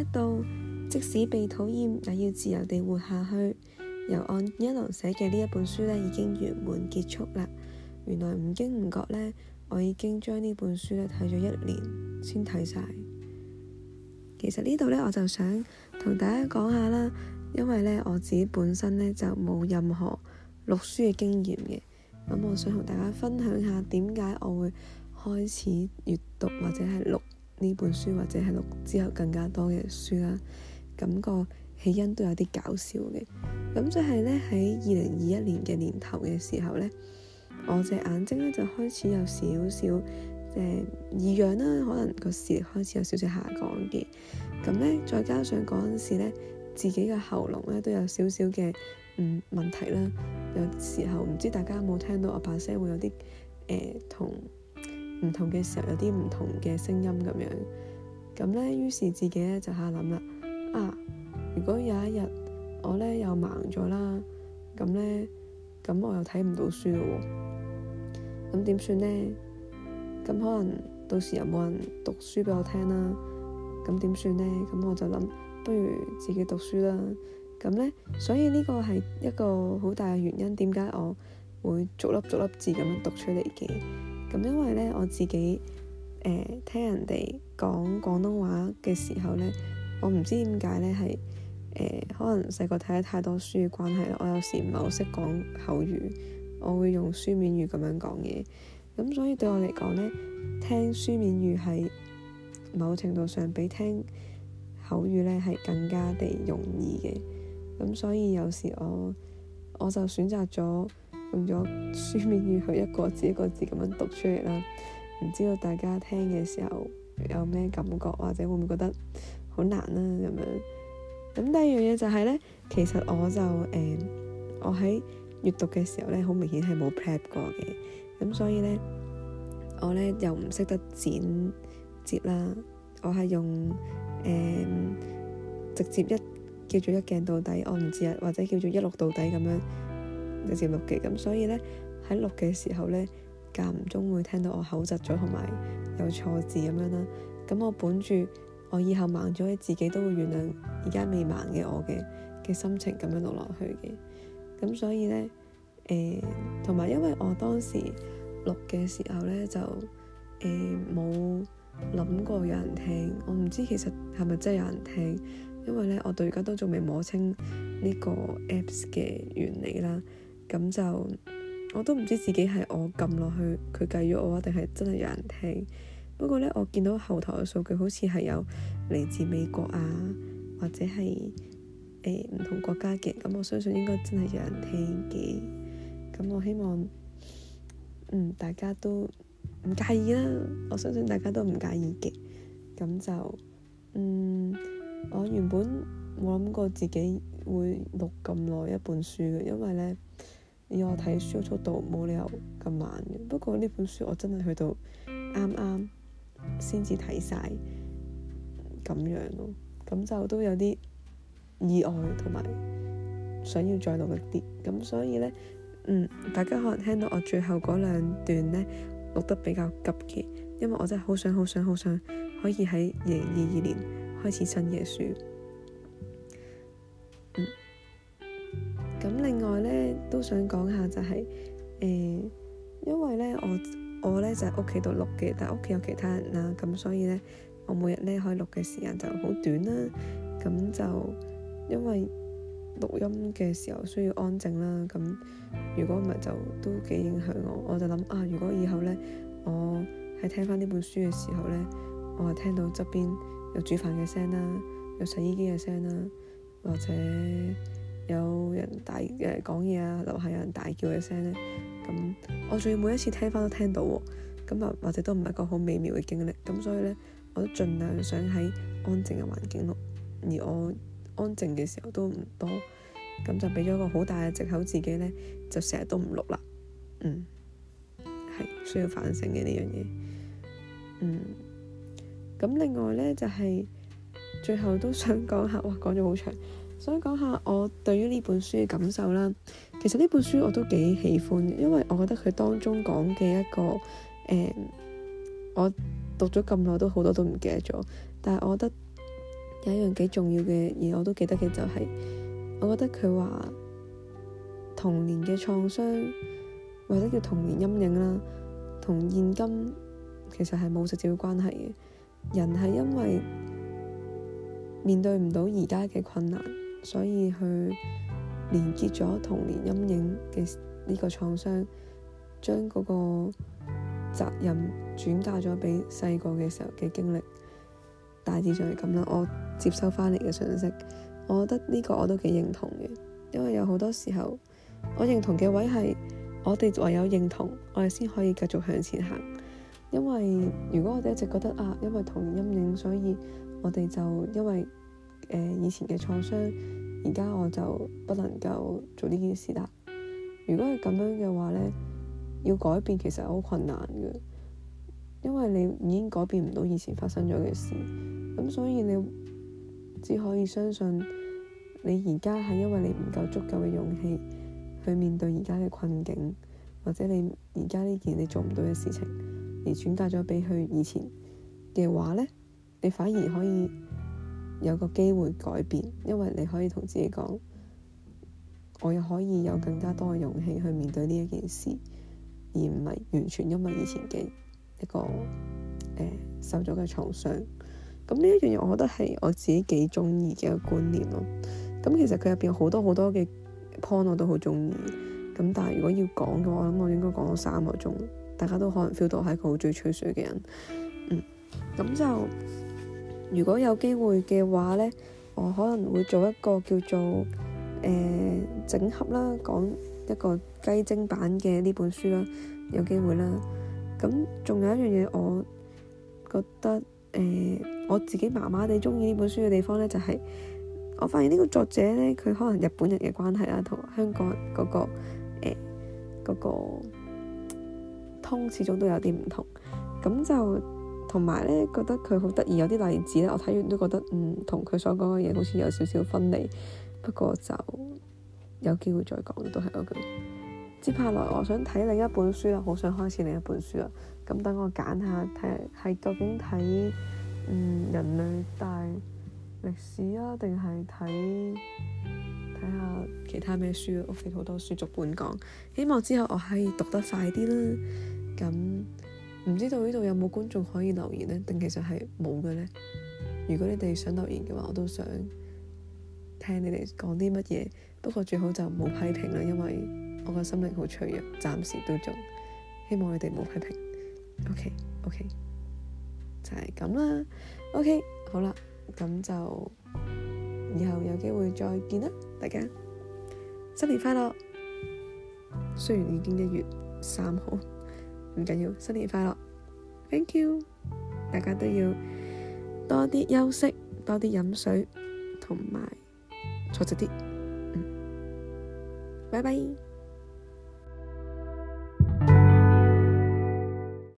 一到即使被討厭，也要自由地活下去。由岸一郎寫嘅呢一本書咧，已經圓滿結束啦。原來唔經唔覺，呢我已經將呢本書咧睇咗一年先睇晒。其實呢度呢，我就想同大家講下啦，因為呢我自己本身呢就冇任何錄書嘅經驗嘅，咁我想同大家分享下點解我會開始閱讀或者係錄。呢本書或者係讀之後更加多嘅書啦，感覺起因都有啲搞笑嘅。咁即係呢，喺二零二一年嘅年頭嘅時候呢，我隻眼睛呢，就開始有少少誒異樣啦，可能個視力開始有少少下降嘅。咁呢，再加上嗰陣時咧，自己嘅喉嚨咧都有少少嘅嗯問題啦，有時候唔知大家有冇聽到我把聲會有啲、呃、同，唔同嘅時候有啲唔同嘅聲音咁樣，咁呢，於是自己咧就下諗啦，啊，如果有一日我呢，又盲咗啦，咁呢，咁我又睇唔到書咯喎，咁點算呢？咁可能到時又冇人讀書俾我聽啦，咁點算呢？咁我就諗，不如自己讀書啦。咁呢，所以呢個係一個好大嘅原因，點解我會逐粒逐粒字咁樣讀出嚟嘅？咁因為咧，我自己誒、呃、聽人哋講廣東話嘅時候咧，我唔知點解咧係誒，可能細個睇得太多書嘅關係，我有時唔係好識講口語，我會用書面語咁樣講嘢。咁所以對我嚟講咧，聽書面語係某程度上比聽口語咧係更加地容易嘅。咁所以有時我我就選擇咗。用咗書面語去一個字一個字咁樣讀出嚟啦，唔知道大家聽嘅時候有咩感覺，或者會唔會覺得好難啦、啊、咁樣？咁第二樣嘢就係呢，其實我就誒、嗯，我喺閱讀嘅時候呢，好明顯係冇 plan 過嘅，咁所以呢，我呢又唔識得剪接啦，我係用誒、嗯、直接一叫做一鏡到底，我唔知啊，或者叫做一錄到底咁樣。直接錄嘅，咁所以呢，喺錄嘅時候呢，間唔中會聽到我口窒咗，同埋有錯字咁樣啦。咁我本住我以後盲咗，嘅自己都會原諒而家未盲嘅我嘅嘅心情，咁樣錄落去嘅。咁所以呢，誒、呃，同埋因為我當時錄嘅時候呢，就誒冇諗過有人聽，我唔知其實係咪真係有人聽，因為呢，我到而家都仲未摸清呢個 Apps 嘅原理啦。咁就我都唔知自己係我撳落去佢計咗我啊，定係真係有人聽。不過咧，我見到後台嘅數據好似係有嚟自美國啊，或者係誒唔同國家嘅。咁我相信應該真係有人聽嘅。咁我希望嗯大家都唔介意啦。我相信大家都唔介意嘅。咁就嗯我原本冇諗過自己會錄咁耐一本書嘅，因為咧，以我睇書嘅速度，冇理由咁慢嘅。不過呢本書我真係去到啱啱先至睇晒，咁樣咯，咁就都有啲意外同埋想要再努力啲。咁所以咧，嗯，大家可能聽到我最後嗰兩段咧錄得比較急嘅，因為我真係好想好想好想可以喺二零二二年開始新嘅書，嗯。咁另外咧，都想講下就係、是，誒、呃，因為咧我我咧就喺屋企度錄嘅，但係屋企有其他人啦、啊，咁所以咧我每日咧可以錄嘅時間就好短啦，咁就因為錄音嘅時候需要安靜啦，咁如果唔係就都幾影響我，我就諗啊，如果以後咧我喺聽翻呢本書嘅時候咧，我就聽到側邊有煮飯嘅聲啦，有洗衣機嘅聲啦，或者，有人大誒講嘢啊，樓下有人大叫嘅聲咧，咁我仲要每一次聽翻都聽到喎，咁啊或者都唔係一個好美妙嘅經歷，咁所以咧我都盡量想喺安靜嘅環境錄，而我安靜嘅時候都唔多，咁就俾咗一個好大嘅藉口，自己咧就成日都唔錄啦，嗯，係需要反省嘅呢樣嘢，嗯，咁另外咧就係、是、最後都想講下，哇講咗好長。所以講下我對於呢本書嘅感受啦。其實呢本書我都幾喜歡，因為我覺得佢當中講嘅一個誒、嗯，我讀咗咁耐都好多都唔記得咗，但係我覺得有一樣幾重要嘅嘢，我都記得嘅就係、是，我覺得佢話童年嘅創傷或者叫童年陰影啦，同現今其實係冇直接嘅關係嘅。人係因為面對唔到而家嘅困難。所以去連結咗童年陰影嘅呢個創傷，將嗰個責任轉嫁咗畀細個嘅時候嘅經歷。大致上係咁啦，我接收翻嚟嘅信息，我覺得呢個我都幾認同嘅，因為有好多時候，我認同嘅位係我哋唯有認同，我哋先可以繼續向前行。因為如果我哋一直覺得啊，因為童年陰影，所以我哋就因為誒以前嘅創傷，而家我就不能夠做呢件事啦。如果係咁樣嘅話咧，要改變其實係好困難嘅，因為你已經改變唔到以前發生咗嘅事。咁所以你只可以相信你而家係因為你唔夠足夠嘅勇氣去面對而家嘅困境，或者你而家呢件你做唔到嘅事情，而轉嫁咗俾佢以前嘅話咧，你反而可以。有個機會改變，因為你可以同自己講，我又可以有更加多嘅勇氣去面對呢一件事，而唔係完全因為以前嘅一個誒、呃、受咗嘅創傷。咁呢一樣嘢，我覺得係我自己幾中意嘅一個觀念咯。咁其實佢入邊有好多好多嘅 point 我都好中意。咁但係如果要講嘅話，咁我諗我應該講咗三個鐘，大家都可能 feel 到係一個好最吹水嘅人。嗯，咁就。如果有機會嘅話咧，我可能會做一個叫做誒、呃、整合啦，講一個雞精版嘅呢本書啦，有機會啦。咁仲有一樣嘢，我覺得誒、呃、我自己麻麻哋鍾意呢本書嘅地方咧、就係，就係我發現呢個作者咧，佢可能日本人嘅關係啦，同香港嗰、嗰個誒嗰、呃嗰個、通始終都有啲唔同，咁就。同埋咧，覺得佢好得意，有啲例子咧，我睇完都覺得嗯，同佢所講嘅嘢好似有少少分離，不過就有機會再講都係嗰句。接下來我想睇另一本書啦，好想開始另一本書啦。咁等我揀下睇，係究竟睇人類大歷史啊，定係睇睇下其他咩書？屋企好多書，逐本講，希望之後我可以讀得快啲啦。咁、嗯。唔知道呢度有冇觀眾可以留言呢？定其實係冇嘅呢？如果你哋想留言嘅話，我都想聽你哋講啲乜嘢。不過最好就唔好批評啦，因為我個心靈好脆弱，暫時都仲希望你哋冇批評。OK，OK，okay, okay, 就係咁啦。OK，好啦，咁就以後有機會再見啦，大家新年快樂。雖然已經一月三號。唔緊要，新年快樂，thank you，大家都要多啲休息，多啲飲水，同埋坐直啲，嗯，拜拜。